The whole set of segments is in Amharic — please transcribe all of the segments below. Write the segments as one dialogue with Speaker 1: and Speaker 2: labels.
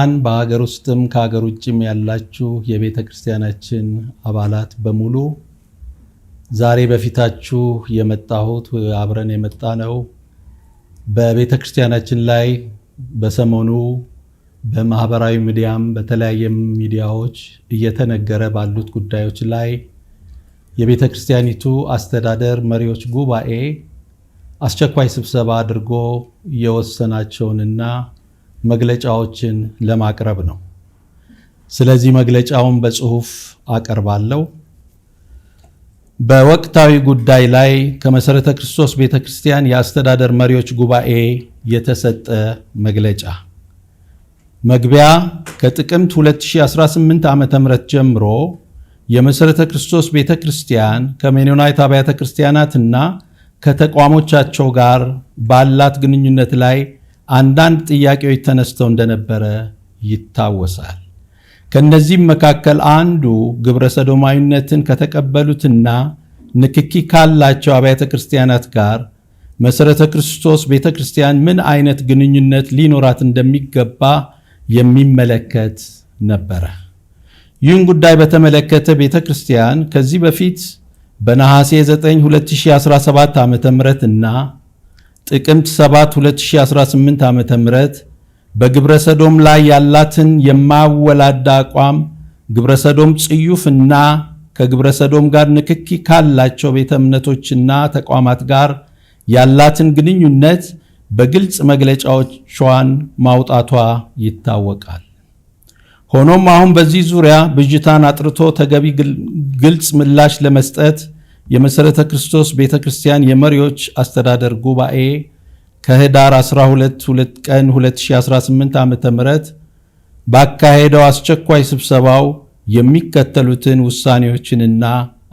Speaker 1: አን በሀገር ውስጥም ከሀገር ውጭም ያላችሁ የቤተ ክርስቲያናችን አባላት በሙሉ ዛሬ በፊታችሁ የመጣሁት አብረን የመጣ ነው በቤተ ክርስቲያናችን ላይ በሰሞኑ በማህበራዊ ሚዲያም በተለያየ ሚዲያዎች እየተነገረ ባሉት ጉዳዮች ላይ የቤተ ክርስቲያኒቱ አስተዳደር መሪዎች ጉባኤ አስቸኳይ ስብሰባ አድርጎ የወሰናቸውንና መግለጫዎችን ለማቅረብ ነው። ስለዚህ መግለጫውን በጽሁፍ አቀርባለሁ። በወቅታዊ ጉዳይ ላይ ከመሠረተ ክርስቶስ ቤተ ክርስቲያን የአስተዳደር መሪዎች ጉባኤ የተሰጠ መግለጫ። መግቢያ ከጥቅምት 2018 ዓ ም ጀምሮ የመሠረተ ክርስቶስ ቤተ ክርስቲያን ከሜኖናይት አብያተ ክርስቲያናትና ከተቋሞቻቸው ጋር ባላት ግንኙነት ላይ አንዳንድ ጥያቄዎች ተነስተው እንደነበረ ይታወሳል። ከእነዚህም መካከል አንዱ ግብረ ሰዶማዊነትን ከተቀበሉትና ንክኪ ካላቸው አብያተ ክርስቲያናት ጋር መሠረተ ክርስቶስ ቤተ ክርስቲያን ምን አይነት ግንኙነት ሊኖራት እንደሚገባ የሚመለከት ነበረ። ይህን ጉዳይ በተመለከተ ቤተ ክርስቲያን ከዚህ በፊት በነሐሴ 9 2017 ዓ.ም እና ጥቅምት 7 2018 ዓ.ም በግብረ ሰዶም ላይ ያላትን የማወላዳ አቋም ግብረ ሰዶም ጽዩፍና ከግብረ ሰዶም ጋር ንክኪ ካላቸው ቤተ እምነቶችና ተቋማት ጋር ያላትን ግንኙነት በግልጽ መግለጫዎቿን ማውጣቷ ይታወቃል። ሆኖም አሁን በዚህ ዙሪያ ብዥታን አጥርቶ ተገቢ ግልጽ ምላሽ ለመስጠት የመሠረተ ክርስቶስ ቤተ ክርስቲያን የመሪዎች አስተዳደር ጉባኤ ከህዳር 12 2 ቀን 2018 ዓ ም ባካሄደው አስቸኳይ ስብሰባው የሚከተሉትን ውሳኔዎችንና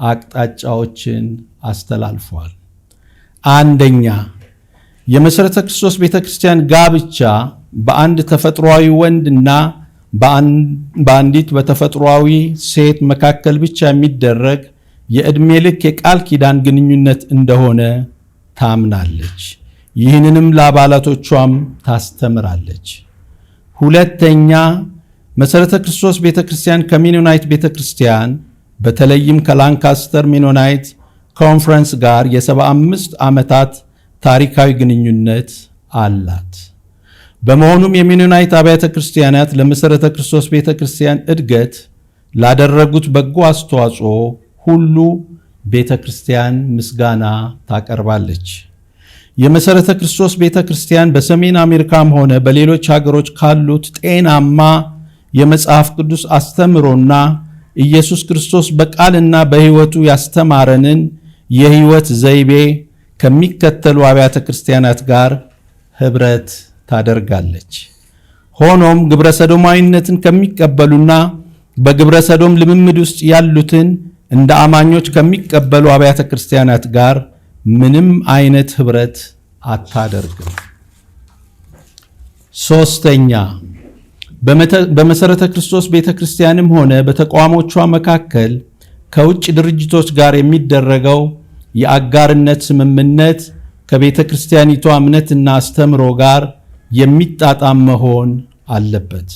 Speaker 1: አቅጣጫዎችን አስተላልፏል። አንደኛ፣ የመሠረተ ክርስቶስ ቤተ ክርስቲያን ጋብቻ በአንድ ተፈጥሯዊ ወንድና በአንዲት በተፈጥሯዊ ሴት መካከል ብቻ የሚደረግ የዕድሜ ልክ የቃል ኪዳን ግንኙነት እንደሆነ ታምናለች። ይህንንም ለአባላቶቿም ታስተምራለች። ሁለተኛ መሠረተ ክርስቶስ ቤተ ክርስቲያን ከሜኖናይት ቤተ ክርስቲያን በተለይም ከላንካስተር ሜኖናይት ኮንፈረንስ ጋር የ75 ዓመታት ታሪካዊ ግንኙነት አላት። በመሆኑም የሜኖናይት አብያተ ክርስቲያናት ለመሠረተ ክርስቶስ ቤተ ክርስቲያን እድገት ላደረጉት በጎ አስተዋጽኦ ሁሉ ቤተ ክርስቲያን ምስጋና ታቀርባለች። የመሠረተ ክርስቶስ ቤተ ክርስቲያን በሰሜን አሜሪካም ሆነ በሌሎች ሀገሮች ካሉት ጤናማ የመጽሐፍ ቅዱስ አስተምሮና ኢየሱስ ክርስቶስ በቃልና በሕይወቱ ያስተማረንን የሕይወት ዘይቤ ከሚከተሉ አብያተ ክርስቲያናት ጋር ኅብረት ታደርጋለች። ሆኖም ግብረ ሰዶማዊነትን ከሚቀበሉና በግብረ ሰዶም ልምምድ ውስጥ ያሉትን እንደ አማኞች ከሚቀበሉ አብያተ ክርስቲያናት ጋር ምንም አይነት ህብረት አታደርግም። ሶስተኛ በመሰረተ ክርስቶስ ቤተ ክርስቲያንም ሆነ በተቋሞቿ መካከል ከውጭ ድርጅቶች ጋር የሚደረገው የአጋርነት ስምምነት ከቤተ ክርስቲያኒቷ እምነትና አስተምሮ ጋር የሚጣጣም መሆን አለበት።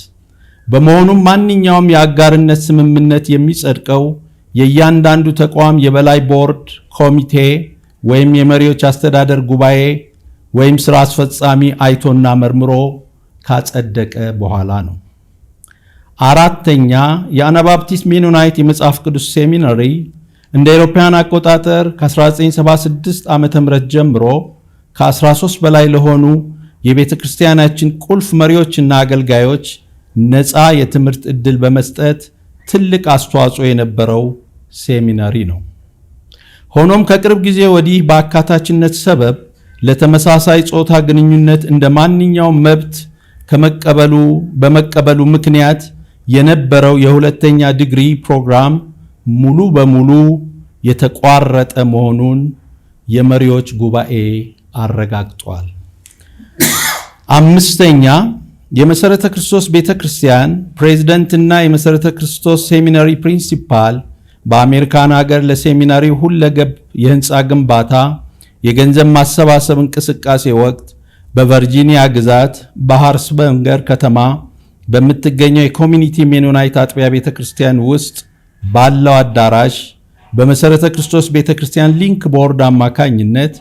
Speaker 1: በመሆኑም ማንኛውም የአጋርነት ስምምነት የሚጸድቀው የእያንዳንዱ ተቋም የበላይ ቦርድ ኮሚቴ ወይም የመሪዎች አስተዳደር ጉባኤ ወይም ስራ አስፈጻሚ አይቶና መርምሮ ካጸደቀ በኋላ ነው። አራተኛ የአናባፕቲስት ሜኖናይት የመጽሐፍ ቅዱስ ሴሚናሪ እንደ አውሮፓውያን አቆጣጠር ከ1976 ዓ ም ጀምሮ ከ13 በላይ ለሆኑ የቤተ ክርስቲያናችን ቁልፍ መሪዎችና አገልጋዮች ነፃ የትምህርት ዕድል በመስጠት ትልቅ አስተዋጽኦ የነበረው ሴሚናሪ ነው። ሆኖም ከቅርብ ጊዜ ወዲህ በአካታችነት ሰበብ ለተመሳሳይ ጾታ ግንኙነት እንደ ማንኛውም መብት ከመቀበሉ በመቀበሉ ምክንያት የነበረው የሁለተኛ ዲግሪ ፕሮግራም ሙሉ በሙሉ የተቋረጠ መሆኑን የመሪዎች ጉባኤ አረጋግጧል። አምስተኛ የመሰረተ ክርስቶስ ቤተ ክርስቲያን ፕሬዝደንትና የመሰረተ ክርስቶስ ሴሚናሪ ፕሪንሲፓል በአሜሪካን ሀገር ለሴሚናሪ ሁለገብ የህንፃ ግንባታ የገንዘብ ማሰባሰብ እንቅስቃሴ ወቅት በቨርጂኒያ ግዛት በሃርስበንገር ከተማ በምትገኘው የኮሚኒቲ ሜኖናይት አጥቢያ ቤተ ክርስቲያን ውስጥ ባለው አዳራሽ በመሠረተ ክርስቶስ ቤተ ክርስቲያን ሊንክ ቦርድ አማካኝነት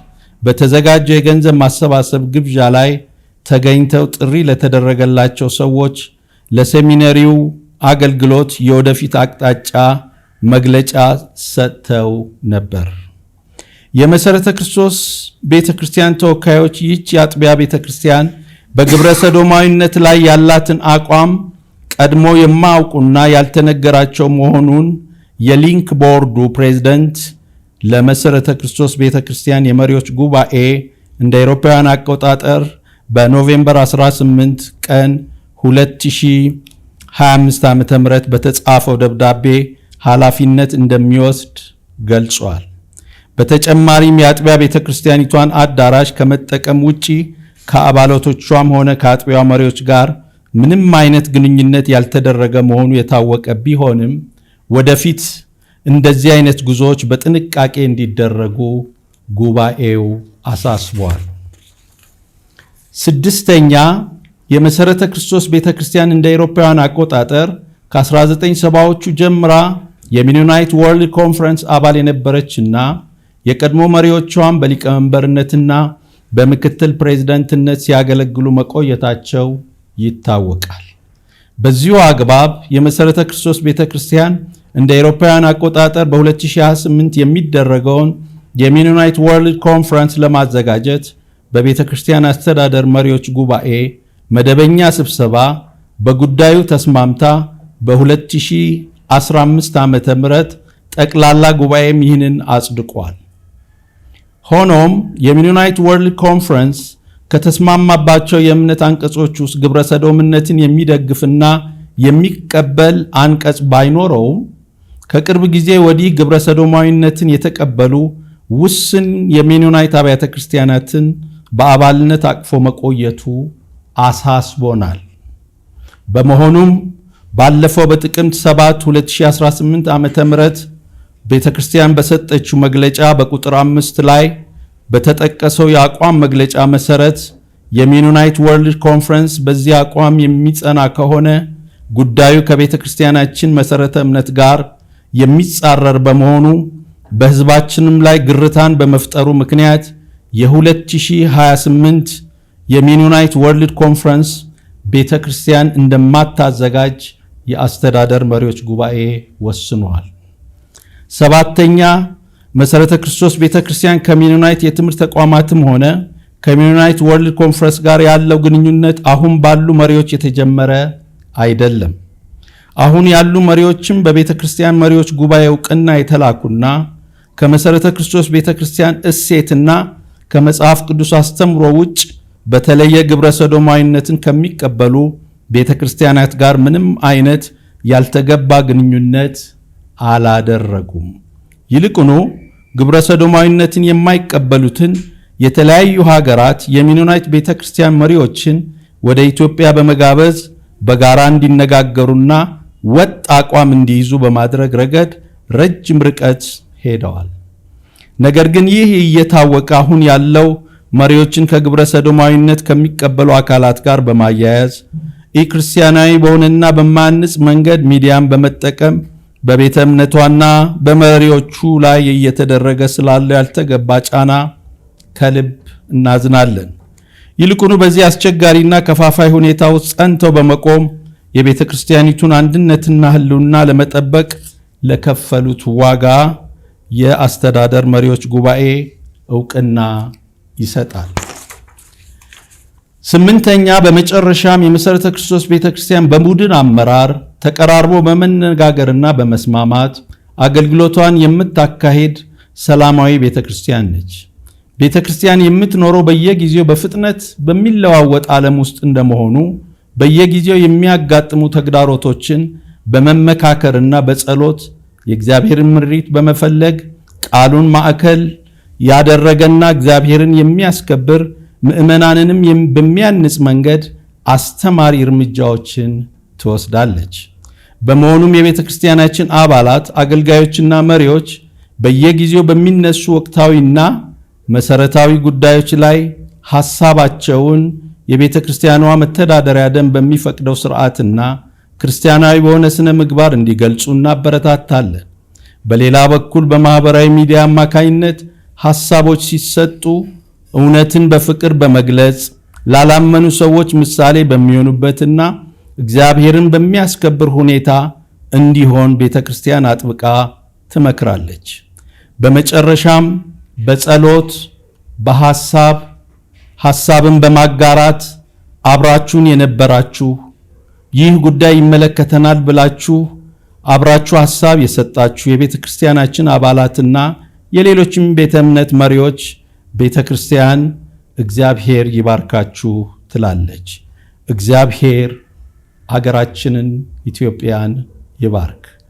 Speaker 1: በተዘጋጀው የገንዘብ ማሰባሰብ ግብዣ ላይ ተገኝተው ጥሪ ለተደረገላቸው ሰዎች ለሴሚነሪው አገልግሎት የወደፊት አቅጣጫ መግለጫ ሰጥተው ነበር። የመሠረተ ክርስቶስ ቤተ ክርስቲያን ተወካዮች ይህች የአጥቢያ ቤተ ክርስቲያን በግብረ ሰዶማዊነት ላይ ያላትን አቋም ቀድሞ የማያውቁና ያልተነገራቸው መሆኑን የሊንክ ቦርዱ ፕሬዝደንት ለመሠረተ ክርስቶስ ቤተ ክርስቲያን የመሪዎች ጉባኤ እንደ አውሮፓውያን አቆጣጠር በኖቬምበር 18 ቀን 2025 ም በተጻፈው ደብዳቤ ኃላፊነት እንደሚወስድ ገልጿል። በተጨማሪም የአጥቢያ ቤተ ክርስቲያኒቷን አዳራሽ ከመጠቀም ውጪ ከአባላቶቿም ሆነ ከአጥቢያ መሪዎች ጋር ምንም አይነት ግንኙነት ያልተደረገ መሆኑ የታወቀ ቢሆንም ወደፊት እንደዚህ አይነት ጉዞዎች በጥንቃቄ እንዲደረጉ ጉባኤው አሳስቧል። ስድስተኛ የመሠረተ ክርስቶስ ቤተ ክርስቲያን እንደ አውሮፓውያን አቆጣጠር ከ1970ዎቹ ጀምራ የሚኒናይት ወርልድ ኮንፈረንስ አባል እና የቀድሞ መሪዎቿን በሊቀመንበርነትና በምክትል ፕሬዝደንትነት ሲያገለግሉ መቆየታቸው ይታወቃል። በዚሁ አግባብ የመሠረተ ክርስቶስ ቤተ ክርስቲያን እንደ አውሮፓውያን አቆጣጠር በ2028 የሚደረገውን የሚኒናይት ወርልድ ኮንፈረንስ ለማዘጋጀት በቤተ ክርስቲያን አስተዳደር መሪዎች ጉባኤ መደበኛ ስብሰባ በጉዳዩ ተስማምታ በ 15 ዓመተ ምረት ጠቅላላ ጉባኤም ይህንን አጽድቋል። ሆኖም የሚኒናይት ወርልድ ኮንፈረንስ ከተስማማባቸው የእምነት አንቀጾች ውስጥ ግብረሰዶምነትን የሚደግፍና የሚቀበል አንቀጽ ባይኖረውም ከቅርብ ጊዜ ወዲህ ግብረሰዶማዊነትን የተቀበሉ ውስን የሜኖናይት አብያተ ክርስቲያናትን በአባልነት አቅፎ መቆየቱ አሳስቦናል። በመሆኑም ባለፈው በጥቅምት 7 2018 ዓ.ም ቤተ ክርስቲያን በሰጠችው መግለጫ በቁጥር አምስት ላይ በተጠቀሰው የአቋም መግለጫ መሰረት የሚኑናይት ወርልድ ኮንፈረንስ በዚህ አቋም የሚጸና ከሆነ ጉዳዩ ከቤተ ክርስቲያናችን መሰረተ እምነት ጋር የሚጻረር በመሆኑ በሕዝባችንም ላይ ግርታን በመፍጠሩ ምክንያት የ2028 የሚኑናይት ወርልድ ኮንፈረንስ ቤተ ክርስቲያን እንደማታዘጋጅ የአስተዳደር መሪዎች ጉባኤ ወስኗል። ሰባተኛ መሰረተ ክርስቶስ ቤተ ክርስቲያን ከሜኖናይት የትምህርት ተቋማትም ሆነ ከሜኖናይት ወርልድ ኮንፈረንስ ጋር ያለው ግንኙነት አሁን ባሉ መሪዎች የተጀመረ አይደለም። አሁን ያሉ መሪዎችም በቤተ ክርስቲያን መሪዎች ጉባኤ እውቅና የተላኩና ከመሰረተ ክርስቶስ ቤተ ክርስቲያን እሴትና ከመጽሐፍ ቅዱስ አስተምሮ ውጭ በተለየ ግብረ ሰዶማዊነትን ከሚቀበሉ ቤተ ክርስቲያናት ጋር ምንም አይነት ያልተገባ ግንኙነት አላደረጉም። ይልቁኑ ግብረ ሰዶማዊነትን የማይቀበሉትን የተለያዩ ሀገራት የሚኖናይት ቤተ ክርስቲያን መሪዎችን ወደ ኢትዮጵያ በመጋበዝ በጋራ እንዲነጋገሩና ወጥ አቋም እንዲይዙ በማድረግ ረገድ ረጅም ርቀት ሄደዋል። ነገር ግን ይህ እየታወቀ አሁን ያለው መሪዎችን ከግብረ ሰዶማዊነት ከሚቀበሉ አካላት ጋር በማያያዝ ኢ ክርስቲያናዊ በሆነና በማንጽ መንገድ ሚዲያን በመጠቀም በቤተ እምነቷና በመሪዎቹ ላይ እየተደረገ ስላለው ያልተገባ ጫና ከልብ እናዝናለን። ይልቁኑ በዚህ አስቸጋሪና ከፋፋይ ሁኔታ ውስጥ ጸንተው በመቆም የቤተ ክርስቲያኒቱን አንድነትና ሕልውና ለመጠበቅ ለከፈሉት ዋጋ የአስተዳደር መሪዎች ጉባኤ እውቅና ይሰጣል። ስምንተኛ በመጨረሻም የመሠረተ ክርስቶስ ቤተ ክርስቲያን በቡድን አመራር ተቀራርቦ በመነጋገርና በመስማማት አገልግሎቷን የምታካሄድ ሰላማዊ ቤተ ክርስቲያን ነች። ቤተ ክርስቲያን የምትኖረው በየጊዜው በፍጥነት በሚለዋወጥ ዓለም ውስጥ እንደመሆኑ በየጊዜው የሚያጋጥሙ ተግዳሮቶችን በመመካከርና በጸሎት የእግዚአብሔርን ምሪት በመፈለግ ቃሉን ማዕከል ያደረገና እግዚአብሔርን የሚያስከብር ምእመናንንም በሚያንጽ መንገድ አስተማሪ እርምጃዎችን ትወስዳለች። በመሆኑም የቤተ ክርስቲያናችን አባላት፣ አገልጋዮችና መሪዎች በየጊዜው በሚነሱ ወቅታዊና መሰረታዊ ጉዳዮች ላይ ሐሳባቸውን የቤተ ክርስቲያኗ መተዳደሪያ ደንብ በሚፈቅደው ስርዓትና ክርስቲያናዊ በሆነ ስነ ምግባር እንዲገልጹ እናበረታታለን። በሌላ በኩል በማኅበራዊ ሚዲያ አማካኝነት ሐሳቦች ሲሰጡ እውነትን በፍቅር በመግለጽ ላላመኑ ሰዎች ምሳሌ በሚሆኑበትና እግዚአብሔርን በሚያስከብር ሁኔታ እንዲሆን ቤተ ክርስቲያን አጥብቃ ትመክራለች። በመጨረሻም በጸሎት በሐሳብ ሐሳብን በማጋራት አብራችሁን የነበራችሁ ይህ ጉዳይ ይመለከተናል ብላችሁ አብራችሁ ሐሳብ የሰጣችሁ የቤተ ክርስቲያናችን አባላትና የሌሎችም ቤተ እምነት መሪዎች ቤተ ክርስቲያን እግዚአብሔር ይባርካችሁ ትላለች። እግዚአብሔር አገራችንን ኢትዮጵያን ይባርክ።